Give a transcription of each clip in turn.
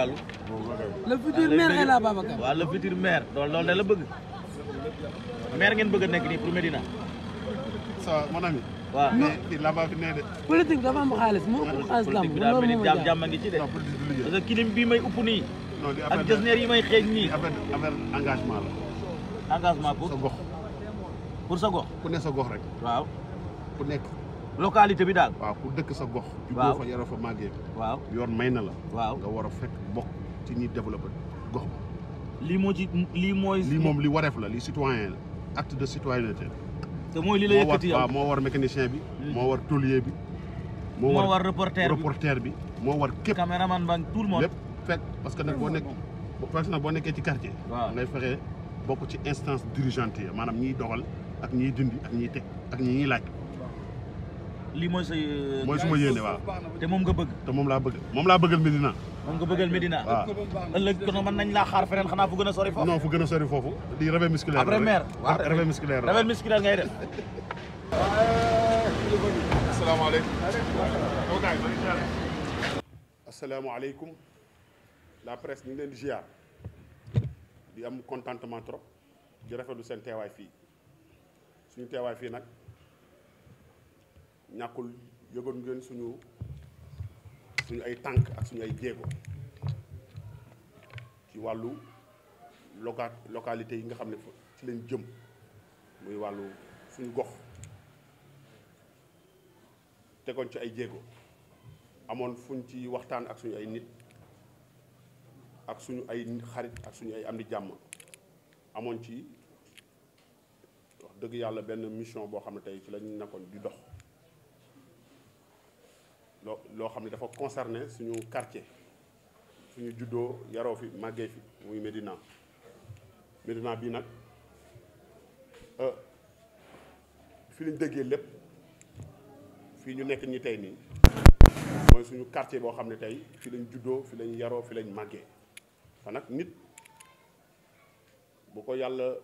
Fallou. le futur maire est là Babacar. waaw le futur maire loolu loolu la bëgg. maire ngeen bëgg a nekk nii pour Medina. ça va mon ami. waaw mais kii lamba fi nee de. politique dafa am xaalis mu ëpp xaalis gàmm loolu moom jàmm ngi ci de. parce que kilim bii yi may xeeñ nii. affaire affaire engagement la. engagement pour sa gox. sa gox. ku ne sa gox rek. waaw ku nekk. localité bi daal. waaw ku dëkk sa gox. waaw juddoo fa yaroo fa màggee. waaw yoon may na la. waaw nga war a fekk bokk ci ñuy développé gox bi. lii moo ci lii mooy. lii moom li wareef la li citoyen la acte de citoyenneté te mooy li la yëkkati yow moo war mécanicien bi. moo war tôlier bi. moo war moo war reporter bi reporter bi. moo war képp caméraman ba tout le monde. lépp fekk parce que nag boo nekk parce que nag boo nekkee ci quartier. waaw ngay fexe bokk ci instance dirigente yi maanaam ñiy doxal ak ñiy dindi ak ñiy teg ak ñi ñuy laaj. lii mooy sa. Euh, mooy su yéene waaw te moom nga bëgg. te moom laa bëgg moom laa bëggal Medina. moom nga bëggal Medina. waaw ëllëg kon mën nañ laa xaar feneen xanaa fu gën a sori foofu. non fu gën a sori foofu di réveil musculaire. après mère waaw réveil musculaire réveil musculaire ngay def. asalaamaaleykum. asalaamaaleykum. la presse ñu ngi leen di ziar di am contentement trop di rafetlu seen teewaay fii suñ teewaay fii nag. ñàkkul yëgoon ngeen suñu suñu ay tànk ak suñu ay jéego ci wàllu loca localité yi nga xam ne fa ci leen jëm muy wàllu suñu gox tegoon ci ay jéego amoon fuñ ci waxtaan ak suñu ay nit ak suñu ay xarit ak suñu ay am di jàmm amoon ci wax dëgg yàlla benn mission boo xam ne tey ci lañ nekkoon di dox loo loo xam ne dafa concerné suñu quartier suñu juddoo yaroo fi màggee fi muy Médina Médina bii nag euh, fi lañ déggee lépp fii ñu nekk ñi tey nii mooy suñu quartier boo xam ne tey fi lañ juddoo fi lañ yaroo fi lañ màggee fa nit bu ko yàlla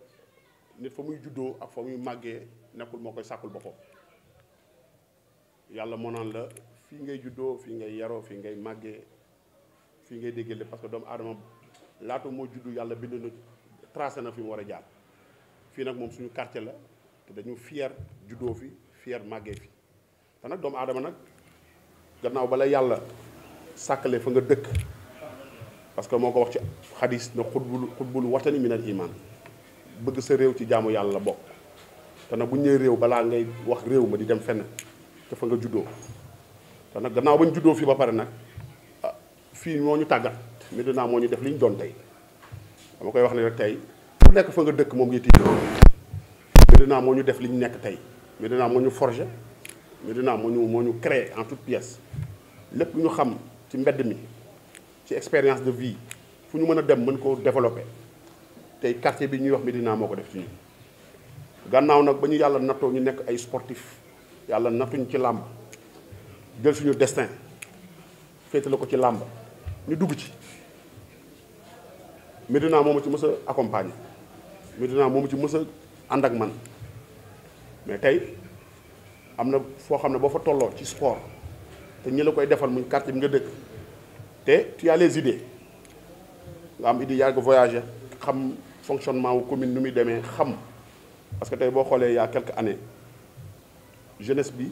nit fa muy juddoo ak fa muy màggee nekkul moo koy sàkkul boppam yàlla moo naan la fii ngay juddoo fii ngay yaroo fii ngay màggee fii ngay déggee parce que doomu aadama laata moo juddu yàlla bind na tracé na fi mu war a jaar fii nag moom suñu quartier la te dañu fier juddoo fi fier màggee fi te nag doomu aadama nag gannaaw bala yàlla sàkkale fa nga dëkk parce que moo ko wax ci xadis na xutbul xutbul watani minal iman bëgg sa réew ci jaamu yàlla la bokk te nag bu ñëwee réew balaa ngay wax réew ma di dem fenn te fa nga juddoo te nag gannaaw ba ñu juddoo fii ba pare nag ah, fii moo ñu tàggat Medina moo ñu def li ñu doon tey dama koy wax ne rek tey ku nekk fa nga dëkk moom ngi tiit Medina moo ñu def li ñu nekk tey Medina moo ñu forgé Medina moo ñu moo ñu créé en toute pièce lépp ñu xam ci mbedd mi ci expérience de vie fu ñu mën a dem mën koo développé tey quartier bi ñuy wax Medina moo ko def ci ñun gannaaw nag ba ñu yàlla nattoo ñu nekk ay sportif yàlla nattuñ ci làmb jël suñu destin féetale ko ci làmb ñu dugg ci Medina moomu ci mës a accompagner Medina moomu ci mës ànd ak man mais tey am na foo xam ne boo fa tolloo ci sport te ñi la koy defal muy quartier bi nga dëkk te tu as les idées nga am idée yaa ngi voyager xam fonctionnement wu commune nu muy demee xam parce que tey boo xoolee y a quelques années jeunesse bi.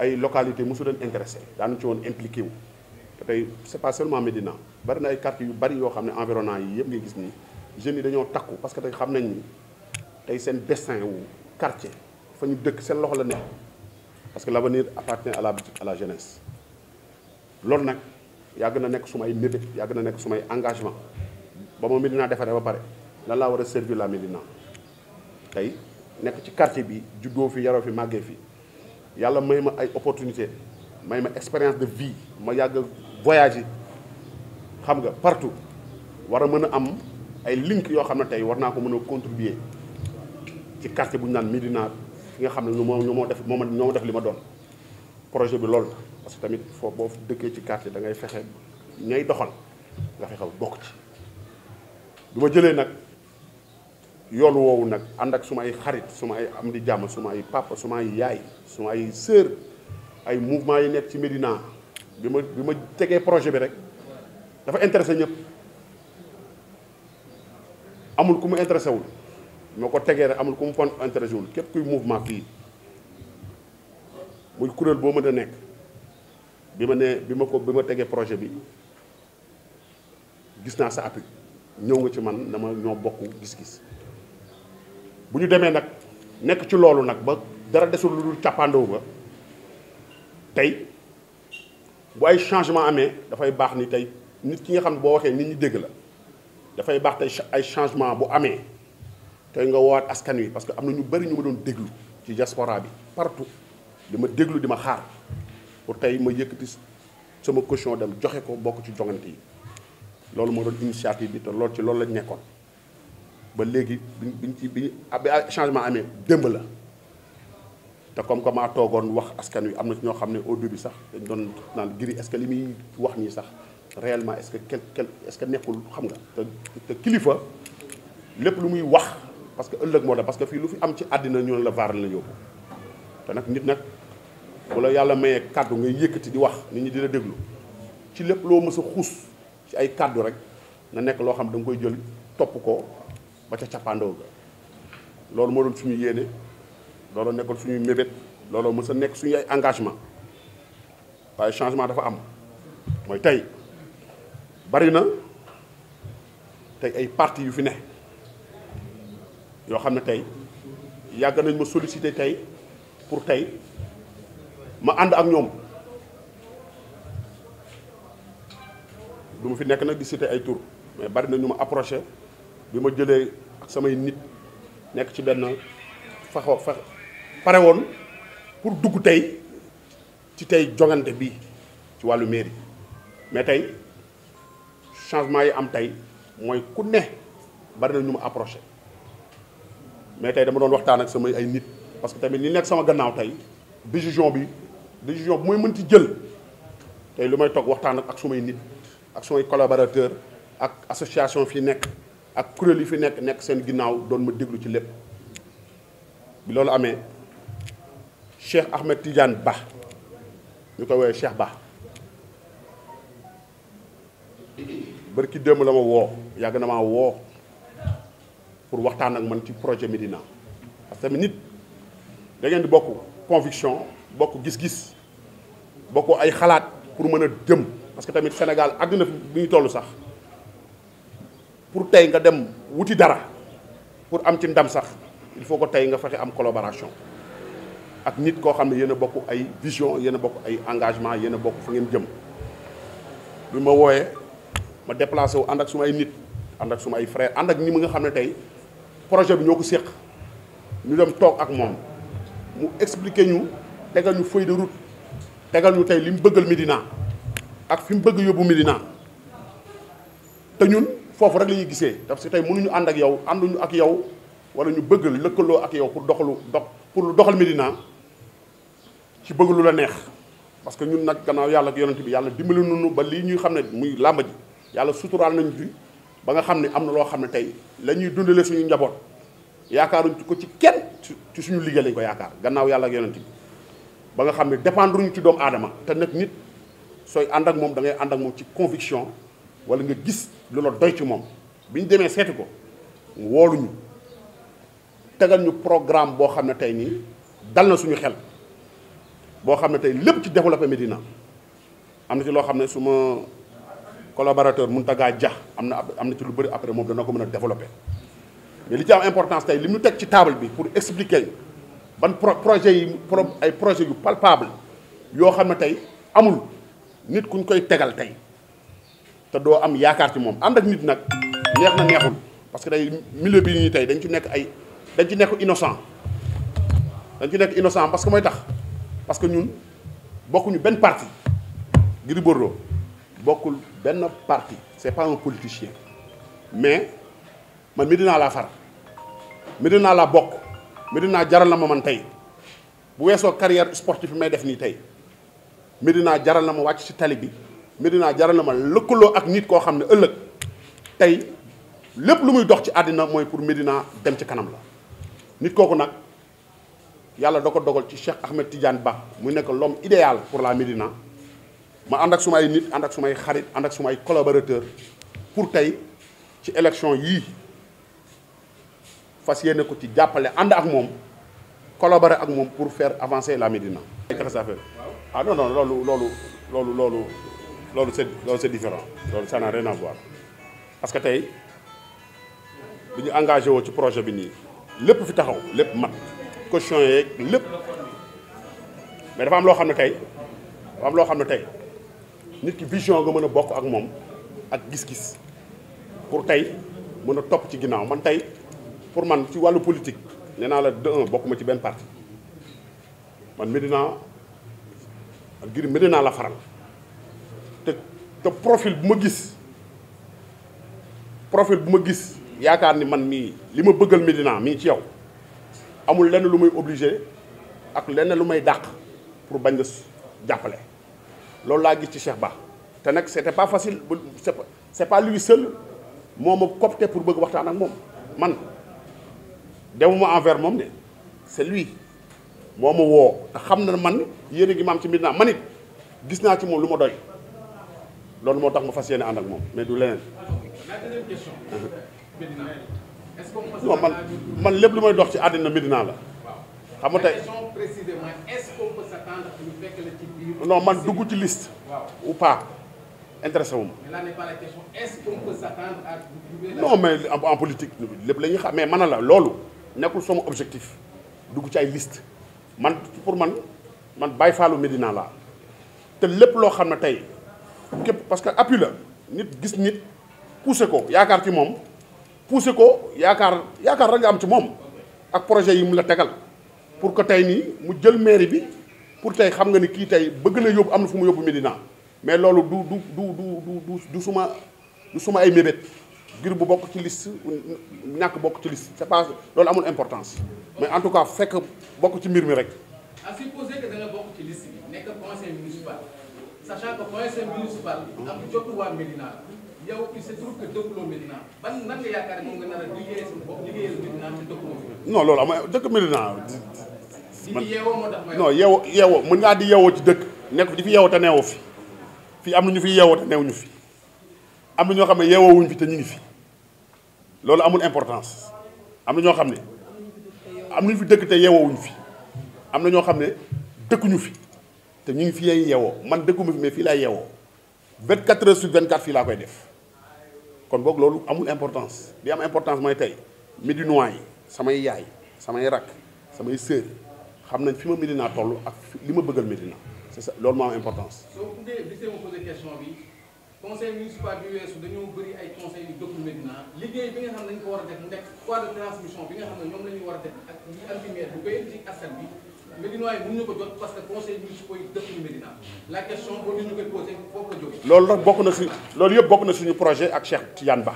ay localité mosu leen intéressé daanu ci woon impliqué wu te tey c' est pas seulement Médina bari na ay quartier yu bari yoo xam ne environnant yi yëpp ngay gis nii jeunes yi dañoo takku parce que tey xam nañ ni tey seen destin wu quartier fa ñu dëkk seen loxo la nekk parce que l' avenir appartient à la à la jeunesse loolu nag yàgg na nekk sumay mébét yàgg na nekk sumay engagement ba ma Médina defaree ba pare la laa war a servir la Médina tey nekk ci quartier bi juddoo fi yaroo fi fi yàlla may ma ay opportunité may ma expérience de vie ma yàgg voyager xam nga partout war a mën a am ay link yoo xam ne tey war naa ko mën a contribuer ci quartier bu ñu naan Médina fi nga xam ne moo moo def moo ma ñoo def li ma doon projet bi loolu parce que tamit foo boo dëkkee ci quartier da ngay fexe ñay doxal nga fexe bokk ci bi jëlee nag. yoon woowu nag ànd ak suma ay xarit suma ay am di jàmm suma ay papa suma ay yaay suma ay sœur ay mouvement yi nekk ci Médina bi ma bi ma tegee projet bi rek dafa intéressé ñëpp amul ku mu intéressé wul moo ko tegee rek amul ku mu fon wul képp kuy mouvement fii muy kuréel boo mën a nekk bi ma nee bi ma ko bi ma tegee projet bi gis naa sa appui ñëw nga ci man dama ñoo bokk gis-gis bu ñu demee nag nekk ci loolu nag ba dara desul lu dul càppaandaw ba tey bu ay changement amee dafay baax ni tey nit ki nga xam ne boo waxee nit ñi dégg la dafay baax tey ay changement bu amee tey nga woowaat askan wi parce que am na ñu bëri ñu ma doon déglu ci diaspora bi partout di ma déglu di ma xaar pour tey ma yëkkati sama caution dem joxe ko bokk ci jongante yi loolu moo doon initiative bi te loolu ci loolu lañ nekkoon ba léegi biñ biñ ci bi ah, changement amee démb la te comme que maa toogoon wax askan wi am na ci ñoo xam ne au début sax dañ doon naan giri est-ce que li muy wax nii sax réellement est-ce que quel nekkul xam nga te kilifa lépp lu muy wax parce que ëllëg moo tax parce que fii lu fi am ci àddina ñoon la vaar na yóbbu te nag nit nag bu yàlla mayee kàddu ngay yëkkati di wax nit ñi dina déglu ci lépp loo mës a xuus ci ay kàddu rek na nekk loo xam da nga koy jël topp ko ba ca cappaandaw ga loolu moo doon ñu yéene looloo nekkoon suñuy mébét looloo mës a nekk suñu ay engagement waaye changement dafa am mooy tey bari na tey ay parti yu fi ne yoo xam ne tey yàgg nañ ma sollicité tey pour tey ma ànd ak ñoom du fi nekk nag di cité ay tour mais bari na ñu ma approché bi ma jëlee ak samay nit nekk ci benn faxo fa pare woon pour dugg tey ci tey jongante bi ci wàllu mairie mais tey changement yi am tey mooy ku ne bari na ñu ma approché mais tey dama doon waxtaan ak samay ay nit parce que tamit li nekk sama gannaaw tey décision bi décision bu may mënti jël tey lu may toog waxtaan ak sumay nit ak sumay collaborateur ak association fii nekk ak kuréel yi fi nekk nekk seen ginnaaw doon ma déglu ci lépp bi loolu amee Cheikh Ahmed Tidiane Ba ñu koy woowee Cheikh Ba bërki démb la ma woo yàgg na ma woo pour waxtaan ak man ci projet Médina parce que nit da ngeen di bokk conviction bokk gis-gis bokk ay xalaat pour mën a jëm parce que tamit Sénégal àdduna na fi bi ñu toll sax pour tey nga dem wuti dara pour am ci ndam sax il faut que tey nga fexe am collaboration ak nit koo xam ne yéen bokk ay vision yéen bokk ay engagement yéen a bokk fa ngeen jëm bi ma wooyee ma déplacé wu ànd ak suma ay nit ànd ak suma ay frère ànd ak ñi nga xam ne tey projet bi ñoo ko séq ñu dem toog ak moom mu expliquer ñu tegal ñu feuille de route tegal ñu tey li mu bëggal Médina ak fi mu bëgg yóbbu Médina te ñun foofu rek la ñuy gisee parce que tey mënuñu ànd ak yow ànduñu ak yow wala ñu bëgg lëkkaloo ak yow pour doxalu dox pour lu doxal Médina ci bëgg lu la neex parce que ñun nag gannaaw yàlla ak yonent bi yàlla dimbali nañu ba lii ñuy xam ne muy làmb ji yàlla suturaal nañu fi ba nga xam ne am na loo xam ne tey la ñuy dundale suñu njaboot yaakaaruñ ko ci kenn ci suñu liggéey lañ ko yaakaar gannaaw yàlla ak yonent bi ba nga xam ne dépendruñu ci doomu aadama te nag nit sooy ànd ak moom da ànd ak moom ci conviction wala nga gis lu la doy ci moom bi ñu demee seeti ko wooluñu tegal ñu programme boo xam ne tey nii dal na suñu xel boo xam ne tey lépp ci développé Médina am na ci loo xam ne suma collaborateur Mountaga jax am na am na ci lu bari après moom dana ko mën a développé mais li ci am importance tey li mu teg ci table bi pour expliquer ban pro projet yi pro ay projet yu palpable yoo xam ne tey amul nit kuñ koy tegal tey te doo am yaakaar ci moom ànd ak nit nag neex na neexul parce que day milieu bi nii tey dañ ci nekk ay dañ ci nekk innocent dañ ci nekk innocent parce que mooy tax parce que ñun bokkuñu benn parti Gris Bordeaux bokkul benn parti c'est pas un politicien mais man Médina laa far Médina laa bokk Médina jaral na ma man tey bu weesoo carrière sportive bi may def nii tey Médina jaral na ma wàcc ci tali bi Médina jaral na ma lëkkaloo ak nit koo xam ne ëllëg tey lépp lu muy dox ci àddina mooy pour Médina dem ci kanam la nit kooku nag yàlla da ko dogal ci Cheikh Ahmed Tidiane Ba mu nekk l'homme idéal pour la Médina ma ànd ak sumay nit ànd ak sumay xarit ànd ak sumay collaborateur pour tey ci élection yii fas yéene ko ci jàppale ànd ak moom collaborer ak moom pour fair avancer la Médina. ah non non loolu loolu loolu loolu. loolu c'est loolu c'est différent loolu ça n'a rien parce que tey bu ñu engagé woo ci projet bi nii lépp fi taxaw lépp mat caution yeeg lépp mais dafa am loo xam ne tey dafa am loo xam ne tey nit ki vision nga mën a bokk ak moom ak gis-gis pour tey mën a topp ci ginnaaw man tey pour man ci wàllu politique nee naa la de un ci benn parti man Médina ak ngir Médina la faral te profil bu ma gis profil bu ma gis yaakaar ni man mii li ma bëggal Médina mii ci yow amul lenn lu may obligé ak lenn lu may dàq pour bañ la jàppale loolu laa gis ci Cheikh Ba te nag c'était pas facile bu c'est pas c'est pas lui seul moo ma coopté pour bëgg waxtaan ak moom man demuma envers moom ne c'est lui moo ma woo te xam na man yére a ngi maam ci Médina man it gis naa ci moom lu ma doy. loolu moo tax ma fas yéene ànd ak moom mais du leneen. non man man lépp lu may dox ci àddina Médina la. xam nga tey non man dugg ci liste. ou pas intéressé wu mais en politique lépp la ñuy xam mais man la loolu nekkul sama objectif dugg ci ay liste man pour man man Baye Fallou Médina la te lépp loo xam ne tey. parce que appui la nit gis nit poussé ko yaakaar ci moom poussé ko yaakaar yaakaar rek nga am ci moom ak projet yi mu la tegal pour que tey nii mu jël mairie bi pour tey xam nga ni kii tey bëgg na yóbbu am na fu mu yóbbu Médina mais loolu du du du du du du suma du suma ay mébét ngir bu bokk ci liste ñàkk bokk ci liste c'est pas loolu amul importance mais en tout cas fekk bokk ci mbir mi rek. à supposer que da sachant que conseil municipal bi. am jotu waa yow il loolu am na dëkk Médina. man di yeewoo mën ngaa di yeewoo ci dëkk nekk di fi yeewoo te neewoo fi fii am na ñu fi yeewoo te neewuñu fi am na ñoo xam ne yeewoowuñu fi te ñu ngi fi loolu amul importance am na ñoo xam ne am nañu fi dëkk te yeewoowuñu fi am na ñoo xam ne dëkkuñu fi. ñu ngi fi ay yeewoo man dëkkuma fi mais fii laay yeewoo 24 heures sur 24 fii laa koy def kon boog loolu amul importance li am importance mooy tey médinois yi samay yaay samay rakk samay sœur xam nañ fi ma Médina toll ak li ma bëggal Médina c'est ça loolu moo am importance. soo buggee gisee ma posé question bi conseil municipal bi weesu dañoo bëri ay conseils yu dëkkul Médina liggéey bi nga xam ne dañ ko war a def mu nekk de transmission Médinois yi bokk na si loolu yëpp bokk na suñu projet ak Cheikh yan Ba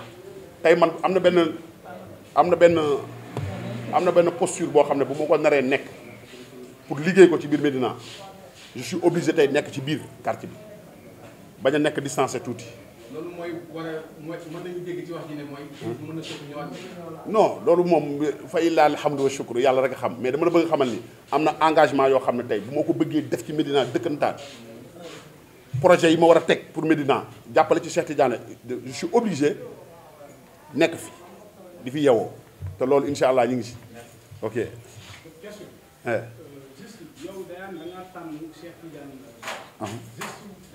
tey man am na benn am na benn am na benn posture boo xam ne bu ma ko naree nekk pour liggéey ko ci biir Médina je suis obligé tey nekk ci biir quartier bi bañ a nekk distancé tuuti. mooy war a mooy loolu moom fay laa alhamdu wa shukru yàlla rek a xam mais dama la bëgg xamal ni am na engagement yoo xam ne tey bu moo ko bëggee def ci Médina dëkkantaan projet yi ma war a teg pour Médina jàppale ci Cheikh Tidiane je suis obligé nekk fi di fi yeewoo te loolu incha allah ñu ngi si. ok.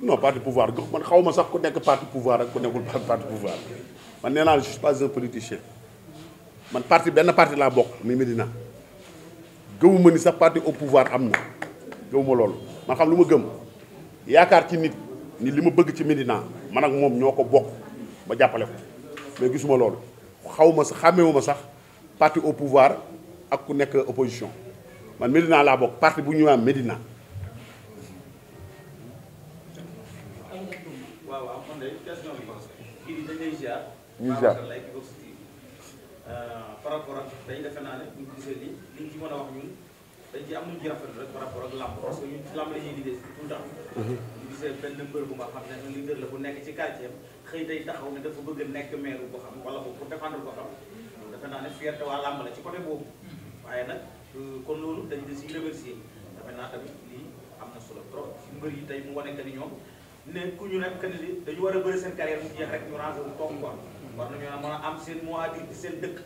non parti pouvoir man xaw ma sax ku nekk parti pouvoir ak ku nekkul parti pouvoir man nee naa je suis un politicien man parti benn parti laa bokk muy Medina gëwuma ni sax parti au pouvoir am na gëwuma loolu man xam lu ma gëm yaakaar ci nit ni li ma bëgg ci Medina man ak moom ñoo ko bokk ma jàppale ko mais gisuma loolu xaw ma sax xàmmewu ma sax parti au pouvoir ak ku nekk opposition man Medina laa bokk parti bu ñu am Medina. ñu jaar euh, par rapport ak dañu defe naa ñu gisee lii li ñu ci mën dañ ci am lu ñu rafetlu rek par rapport ak làmb parce que ñun ci làmb la ñuy liggéey tout le temps mhm. ñu gisee benn mbër bu nga xam ne un leader bu nekk ci quartier am xëy day taxaw ne dafa bëgg a nekk maire bu xam wala bu pour défendre defe naa ne fierté waa làmb la ci côté boobu waaye nag euh, kon loolu dañ da si remercier defe naa tamit lii am na solo trop mbër yi tey mu wane que ni ñoom ne ku ñu nekk ni dañu war a bëri seen carrière mu jeex rek ñu rangé wu toog quoi war nañu mën a am seen mois di seen dëkk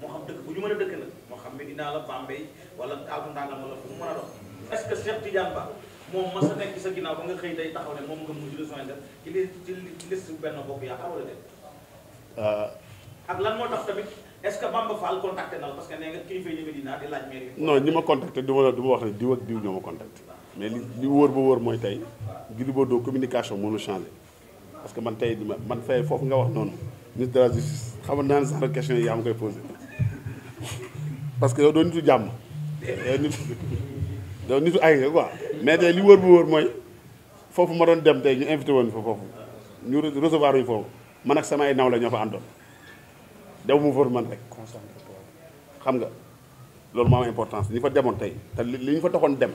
moo xam dëkk bu ñu mën a dëkk nag moo xam Medina la Bambey wala Kaabu Ndangam a que Cheikh Tidiane Ba moom mas nekk sa ginnaaw ba nga xëy day taxaw ne moom nga mujj rejoindre ci benn bokk yaakaar wala déet euh. moo tax tamit est-ce que Bamba Fall contacté na la parce que nee nga kilifa ñëwee dinaa di laaj mairie non ñi ma contacté du ma wax ne diw ak diw ñoo ma contacté mais li li wóor bu wóor mooy tey Gris Bordeaux communication moo la parce que man tey man fay foofu nga wax noonu ministre de la justice xamoon naa ne sax koy posé que yow doo jàmm yow nitu doo mais tey li wóor ba wóor mooy foofu ma dem tey ñu invité woon fa foofu ñu recevoir wuñ foofu man ak sama naw la ñoo fa mu for man rek xam nga loolu moo am importance ñu fa demoon tey te li ñu fa taxoon dem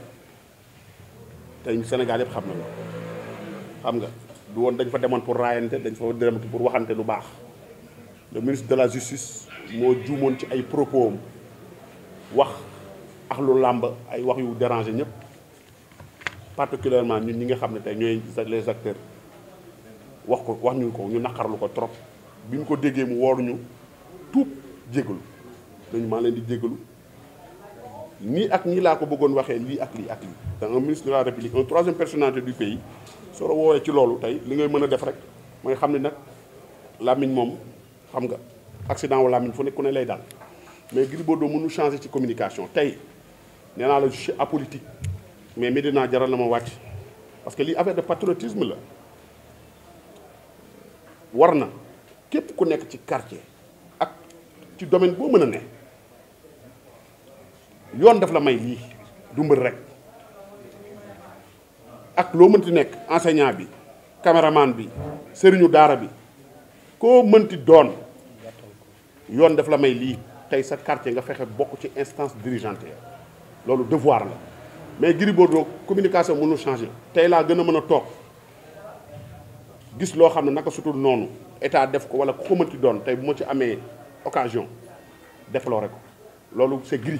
te Sénégal yëpp xam na ko xam nga lu woon dañ fa demoon pour raayante dañ fa dem pour waxante lu baax le ministre de la justice moo juumoon ci ay propos am wax ak lu làmb ay wax yu déranger ñëpp particulièrement ñun ñi nga xam ne tey ñooy les acteurs wax ko wax ñu ko ñu naqarlu ko trop bi ñu ko déggee mu wooruñu tuub jégalu dañu maa leen di jégalu nii ak nii laa ko bëggoon waxee lii ak lii ak lii te un ministre de la république un troisième personnalité du pays soo woowee ci loolu tey li ngay mën a def rek mooy xam ne nag làmmiñ moom xam nga accident wala làmmiñ fu ne ku ne lay dal mais Gris Bordeaux mënu ci communication tey nee naa la je suis apolitique mais Médina jaral na ma wàcc parce que lii affaire de patriotisme la war na képp ku nekk ci quartier ak ci domaine boo mën a ne yoon daf la may lii du rek ak loo mënti nekk enseignant bi caméraman bi sëriñu daara bi koo mënti doon yoon def la may lii tey sa quartier nga fexe bokk ci instance dirigeante loolu devoir la mais boo doo communication mënul changer tey laa gën a mën a toog gis loo xam ne naka sutul noonu état def ko wala ku ko mënti doon tey bu ma ci amee occasion déploré ko loolu c'est Gris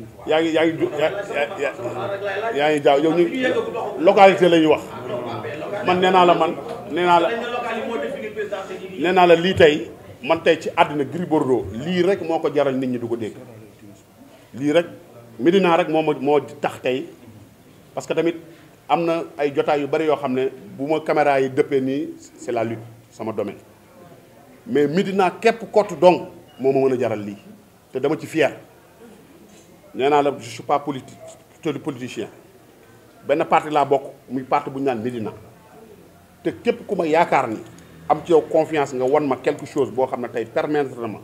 yaa ngi yaa ngi yaa ngi jaaw yow ñu localité la wax man nee naa la man nee naa la nee naa la lii tey man tey ci àddina Gris Bordeaux lii rek moo ko jaral nit ñi du ko dégg lii rek Médina rek moo ma moo tax tey parce que tamit am na ay jotaay yu bari yoo xam ne bu ma caméra yi dëppee nii c'est la lutte sama domaine mais Médina képp kott dong moo ma mën a jaral lii te dama ci fier nee naa la je suis pas politique politicien benn parti laa bokk muy parti bu ñu naan Médina te képp ku ma yaakaar ni am ci yow confiance nga wan ma quelque chose boo xam ne tey permettre na ma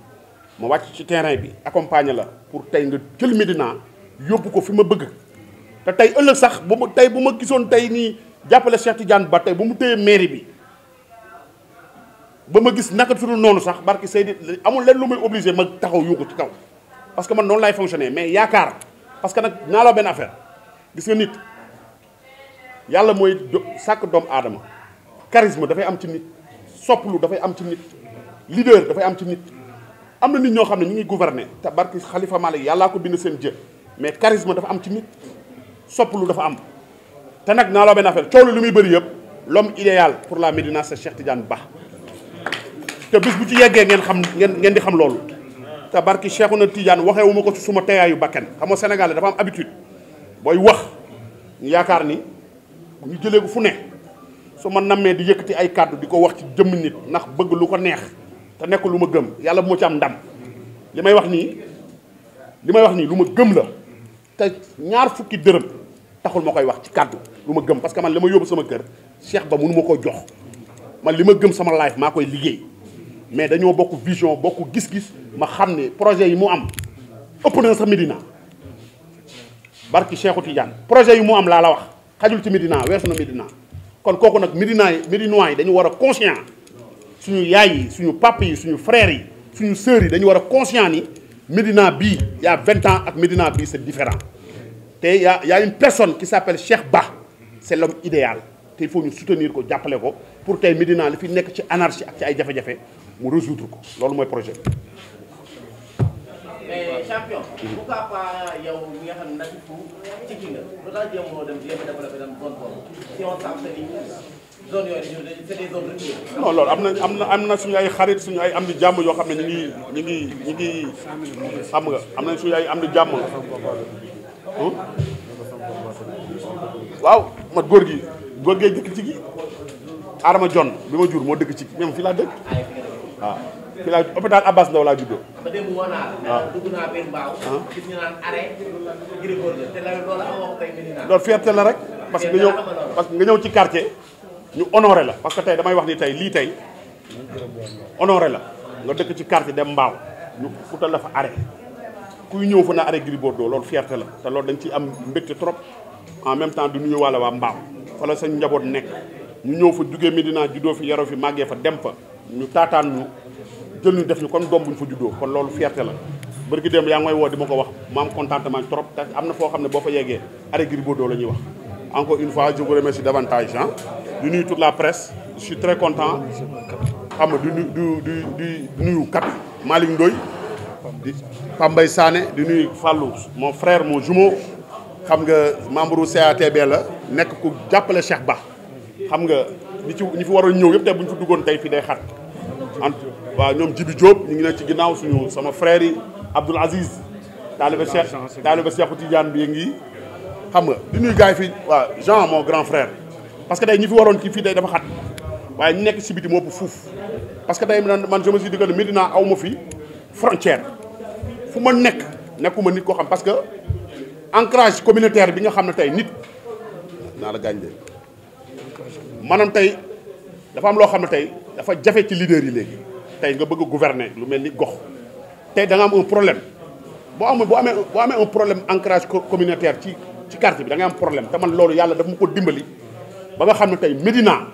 ma wàcc ci terrain bi accompagner la pour tey nga jël Médina yóbbu ko fi ma bëgg te tey ëllëg sax bu ma tey bu ma gisoon tey nii jàppale Cheikh Tidiane Ba tey bu mu téyee mairie bi ba ma gis naka sunu noonu sax barki Seydi amul lenn lu may obligé ma taxaw yuuxu kaw parce que man noonu laay fonctionner mais yaakaar parce que nag naa la benn affaire gis nga nit yàlla mooy sàkk doomu aadama charisme dafay am ci nit sopplu dafay am ci nit leader dafay am ci nit am na nit ñoo xam ne ñu ngi gouverner te barki Xalifa Malik yàllaa ko bind seen jë mais charisme dafa am ci nit sopplu dafa am te nag naa la benn affaire coow li muy bëri yëpp loom idéal pour la Médina c'est Cheikh Tidiane Ba te bis bu ci yeggee ngeen xam ngeen ngeen di xam loolu te barki Cheikhouna Tidiane waxeewu ma ko ci suma teyaayu bakken xam nga Sénégal dafa am habitude booy wax ñu yaakaar ni ñu jëlee ko fu ne su nammee di yëkkati ay kàddu di ko wax ci jëmm nit ndax bëgg lu ko neex te nekk lu ma gëm yàlla bu ma ci am ndam li may wax nii li may wax nii lu ma gëm la te ñaar fukki dërëm taxul ma koy wax ci kàddu lu ma gëm parce que man li ma yóbbu sama kër Cheikh Ba mënu ma koo jox man li ma gëm sama life maa koy liggéey mais dañoo bokk vision bokk gis-gis ma xam ne projet yi mu am ëpp na sax Médina barki Cheikhou Tidiane projet yi mu am laa la wax xajul ci Médina weesu na Médina kon kooku nag Médina yi Médinois yi dañu war a conscient suñu yaay yi suñu papa yi suñu frères yi suñu sœurs yi dañu war a conscient ni Médina bii y vingt ans ak Médina bii c'est différent te y a y une personne qui s'appelle Cheikh Ba c'est l'homme idéal te il faut ñu soutenir ko jàppale ko pour tey Médina li fi nekk ci anarchie ak ci ay jafe-jafe ko loolu mooy projet mais champion. loolu am na am na am suñu ay xarit suñu ay am di jàmm yoo xam ne ñu ngi ñu ngi ñu ngi xam nga am na suñu ay am di jàmm. waaw ma góor gi góor gee dëkk ci gi Adama John bi ma jur moo dëkk ci même fii laa dëkk waaw. fi laa hôpital Abbas Ndao laa juddoo. ba démb ah. ah. la. loolu amoo la rek. parce que nga ñëw parce que ñëw ci quartier. ñu honoré la parce que tey damay wax ni tey lii tey honoré la nga dëkk ci quartier dem mbaaw ñu futal la fa arrêt kuy ñëw fa na arrêt Gris Bordeaux loolu fierté la te loolu dañ ciy am mbégte trop en même temps du nuyu wàlla waa mbaaw fa la sañ njaboot nekk ñu ñëw fa jugee Medina juddoo fi yaroo fi màggee fa dem fa ñu taataan ñu jël ñu def ñu comme doom bu ñu fa juddoo kon loolu fierté la bërgi dem yaa di ma ko wax ma am contentement trop te am na xam ne boo fa yeggee arrêt Gris Bordeaux la ñuy wax encore une fois je vous remercie davantage ah di nuyu toute la presse je suis très content xam nga di du du di nuyu kat Malick Ndoye di Pambay Sané di nuyu Fallou moo frère moo jumeau xam nga membre CATB la nekk ku jàppale Cheikh Ba xam nga ñi ci ñi fi waroon ñëw yëpp tey bu ñu fi duggoon tey fii day xat waa ñoom Jibi Diop ñu ngi nekk ci ginnaaw suñu sama frère yi Abdoul Aziz taaliba Cheikh taaliba Cheikhu Tidiane bi ngi xam nga di nuyu gars fii waaw Jean mon grand frère parce que day ñi fi waroon ci fii day dafa xat waaye ñu nekk si biti moo ëpp fuuf parce que day man je me suis dit que Médina aw ma fi frontière fu ma nekk nekkuma nit koo xam parce que encrage communautaire bi nga xam ne tey nit naa la gaañ de maanaam tey dafa am loo xam ne tey dafa jafe ci leader yi léegi tey nga bëgg a gouverner lu mel ni gox tey da nga am un problème boo amee boo amee boo amee un problème ancrage communautaire ci ci quartier bi da am problème te man loolu yàlla daf mu ko dimbali ba nga xam ne tey Médina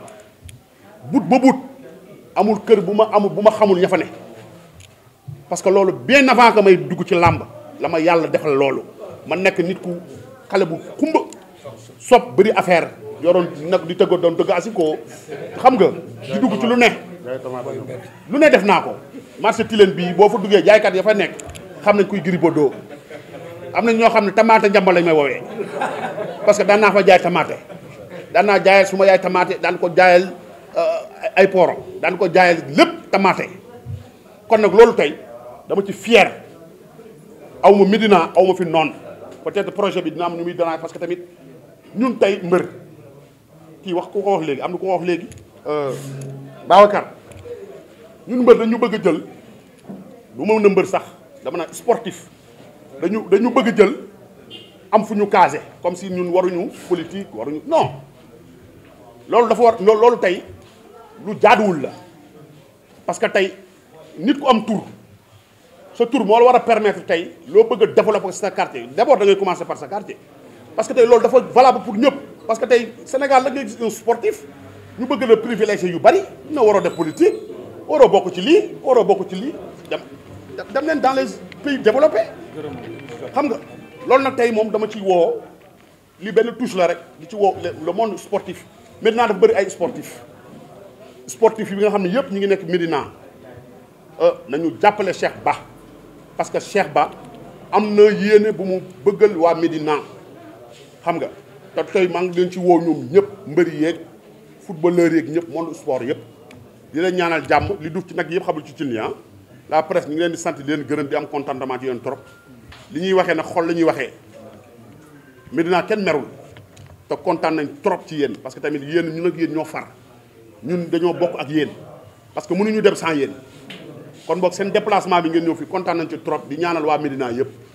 but ba but amul kër bu ma amul bu ma xamul ña fa parce que loolu bien avant que may dugg ci làmb la ma yàlla defal loolu ma nekk nit ku xale bu kumba sopp bëri affaire yoroon nag di tëgga doon dëgg asikoo xam nga di dugg ci lu ne lu ne def naa ko marché Tilène bii boo fa duggee jaaykat ya fa nekk xam nañ kuy Gris doo am na ñoo xam ne tamaate njambal lañ may woowee parce que daan naa fa jaay tamaate daan naa jaayal su ma yaay tamaate daan ko jaayal euh, ay poro daan ko jaayal lépp tamaate kon nag loolu tey dama ci fier aw ma Médina aw ma fi noon peut-être projet bi dina am ñu muy danaa parce que tamit ñun tey mbër kii wax ku ko wax léegi am na ku ko wax léegi euh, Babacar ñun mbër dañu bëgg jël du mën na mbër sax dama na sportif dañu dañu bëgg jël am fu ñu casé comme si ñun waruñu politique waruñu non loolu dafa war loolu tey lu jaaduwul la parce que tey nit ku am tur sa tur moo la war a permettre tey loo bëgg a développer sa quartier d'abord da ngay commencer par sa quartier parce que tey loolu dafa valable pour ñëpp parce que tey Sénégal la nga gis un sportif ñu bëgg la privilégié yu bari na waroo def politique waroo bokk ci lii waroo bokk ci lii dem dem leen dans les pays développés xam nga loolu nag tey moom dama ci woo li benn touche la rek li ci woo le monde sportif maintenant dafa bëri ay sportif sportif yi nga xam ne yëpp ñu ngi nekk Médina euh, nañu jàppale Cheikh Ba parce que Cheikh Ba am na yéene bu mu bëggal waa Médina xam nga te tey maa ngi leen ci woo ñoom ñëpp mbëri yeeg footballeur yeeg ñëpp monde sport yëpp di leen ñaanal jàmm li du ci nag yëpp xamul ci cin ah. la presse ñu ngi leen di sant di leen gërëm di am contentement ci yéen trop li ñuy waxee nag xol la ñuy waxee Médina kenn merul te kontaan nañ trop ci yéen parce que tamit yéen ñu nag yéen ñoo far ñun dañoo bokk ak yéen parce que mënuñu dem sans yéen kon boog seen déplacement bi ngeen ñëw fi kontaan nañ ci trop di ñaanal waa Médina yëpp